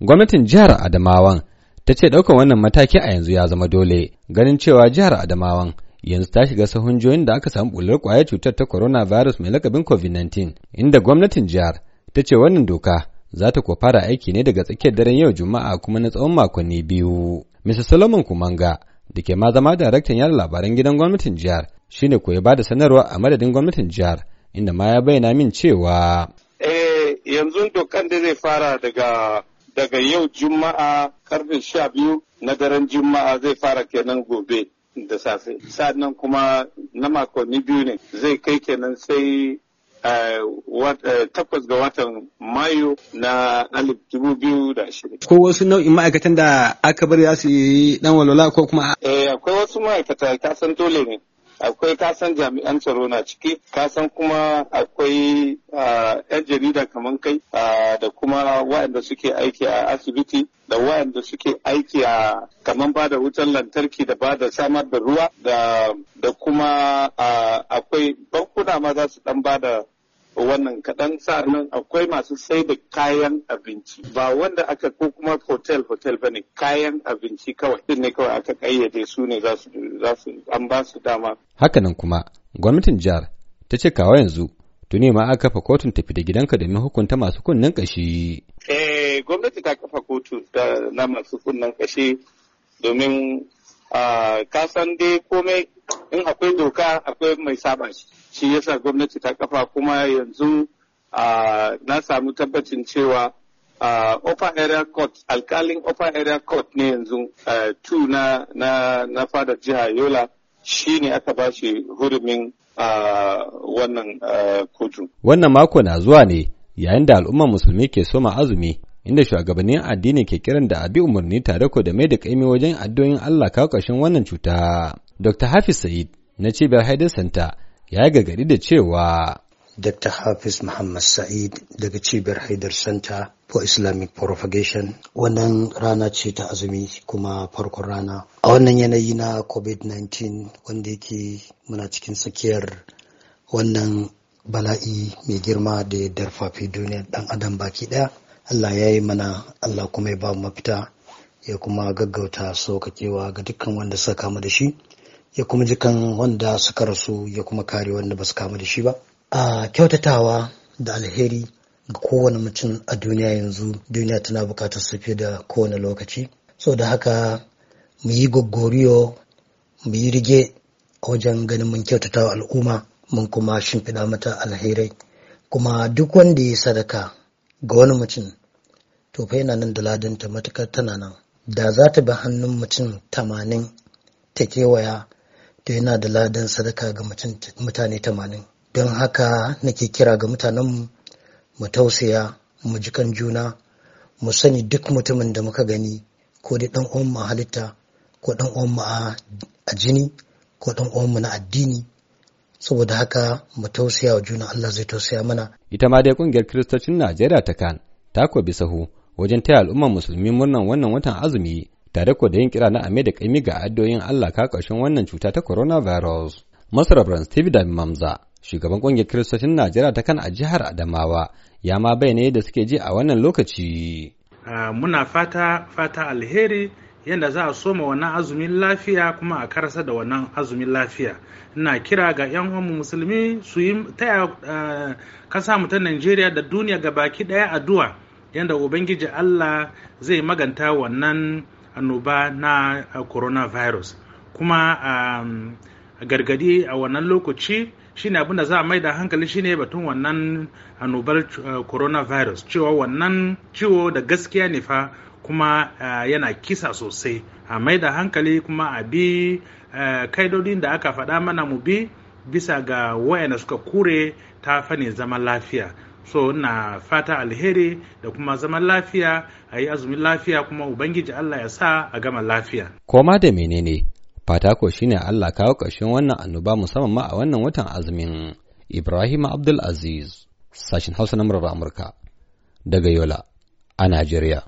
gwamnatin jihar Adamawan ta ce ɗaukar wannan mataki a yanzu ya zama dole ganin cewa jihar Adamawan yanzu ta shiga sahun joyin da aka samu bular kwayar cutar ta coronavirus mai lakabin COVID-19 inda gwamnatin jihar ta ce wannan doka za ta fara aiki ne daga tsakiyar daren yau Juma'a kuma na tsawon makonni biyu. Mr. Solomon Kumanga da ke ma zama daraktan yada labaran gidan gwamnatin jihar shine ko ya bada sanarwa a madadin gwamnatin jihar inda ma ya bayyana min cewa eh, yanzu dokan da zai fara daga daga yau juma'a karfe sha biyu na daren juma'a zai fara kenan gobe da safe sannan kuma na makonni biyu ne zai kai kenan sai eh, eh, takwas ga watan mayu na alif dubu biyu da ashirin. Ko wasu nau'in ma'aikatan da aka bari za su yi dan walwala ko kuma? Eh akwai wasu ma'aikata san dole ne. akwai kasan jami'an tsaro na ciki kasan kuma akwai yan jarida kamar kai da kuma waɗanda suke aiki a asibiti da waɗanda suke aiki a kamar ba da wutar lantarki da ba da samar da ruwa da kuma akwai bankuna ma za su ɗan ba da wannan kaɗan sa'nan akwai masu sai da kayan abinci ba wanda aka ko kuma hotel hotel bane kayan abinci kawai din ne kawai aka kayyade su ne za su an ba su dama hakanan kuma gwamnatin jihar ta ce kawo yanzu tuni ma aka kafa kotun tafi da gidanka domin hukunta masu kunnen kashi eh gwamnati ta kafa kotu na masu kunnen kashi domin Ah, ka san dai komai in akwai doka akwai mai saba shi shi yasa gwamnati ta kafa kuma yanzu ah, na samu tabbacin cewa ah, upper area court alkalin upper area court ne yanzu eh, tu na na fadar jiha yola shi ne aka ba shi hurumin wannan eh, kotu wannan mako na zuwa ne yayin da al'ummar musulmi ke soma azumi inda shugabannin addini ke kiran da abi umarni tare ko da mai da kaimi wajen addu'o'in Allah kawo ƙarshen wannan cuta. Dr. Hafiz Said na cibiyar Haidar Santa ya yi gagari da cewa Dr. Hafiz Muhammad Sa'id daga cibiyar Haidar Center for Islamic Propagation. Wannan rana ce ta azumi kuma farkon rana. A wannan yanayi na COVID-19 wanda yake muna cikin tsakiyar wannan bala'i mai girma da ya darfafi duniyar dan adam baki daya. Allah ya yi mana Allah kuma ya ba mu mafita ya kuma gaggauta saukakewa ga dukkan wanda suka kama da shi ya kuma jikan wanda suka rasu ya kuma kare wanda ba su kama da shi ba a kyautatawa da alheri ga kowane mutum a duniya yanzu duniya tana bukatar su fiye da kowane lokaci so da haka mu yi gogoriyo mu yi rige a wajen ganin mun kyautatawa al'umma mun kuma shimfiɗa mata alherai kuma duk wanda ya sadaka ga wani mutum to fa yana nan da ladanta matukar tana nan da za ta bi hannun mutum tamanin ta kewaya to yana da Ladin sadaka ga mutane tamanin don haka nake kira ga mutanen mu tausaya mu ji kan juna mu sani duk mutumin da muka gani ko dai dan uwan mu halitta ko dan uwan mu a jini ko dan uwan mu na addini saboda haka mu tausaya wa juna Allah zai tausaya mana ita ma dai kungiyar kiristocin Najeriya ta kan ta ko sahu wajen taya al'ummar musulmi murnan wannan watan azumi tare ko da yin kira na ame da kaimi ga addoyin Allah ka ƙarshen wannan cuta ta coronavirus Masar Bran Steve da Mamza shugaban ƙungiyar kiristocin Najeriya ta kan a jihar Adamawa ya ma bayyana yadda suke ji a wannan lokaci ah, muna fata fata alheri yadda za a soma wannan azumin lafiya kuma a karasa da wannan azumin lafiya ina kira ga 'yan uwanmu musulmi su yi taya kasa eh, mu ta najeriya da duniya ga baki daya addu'a yadda ubangiji allah zai maganta wannan annoba na eh, coronavirus kuma a eh, gargadi a wannan lokaci shine abinda za a mai da hankali shine batun wannan annobar coronavirus cewa wannan ciwo da gaskiya ne fa kuma yana kisa sosai a mai da hankali kuma a bi kaidodin da aka faɗa mana mu bi bisa ga wayanda suka kure ta fannin zaman lafiya so na fata alheri da kuma zaman lafiya a yi azumin lafiya kuma ubangiji allah ya sa a gama lafiya koma da menene fata ko shine allah kawo ƙarshen wannan annoba musamman ma a wannan watan azumin ibrahim abdul aziz sashin hausa na amurka daga yola a najeriya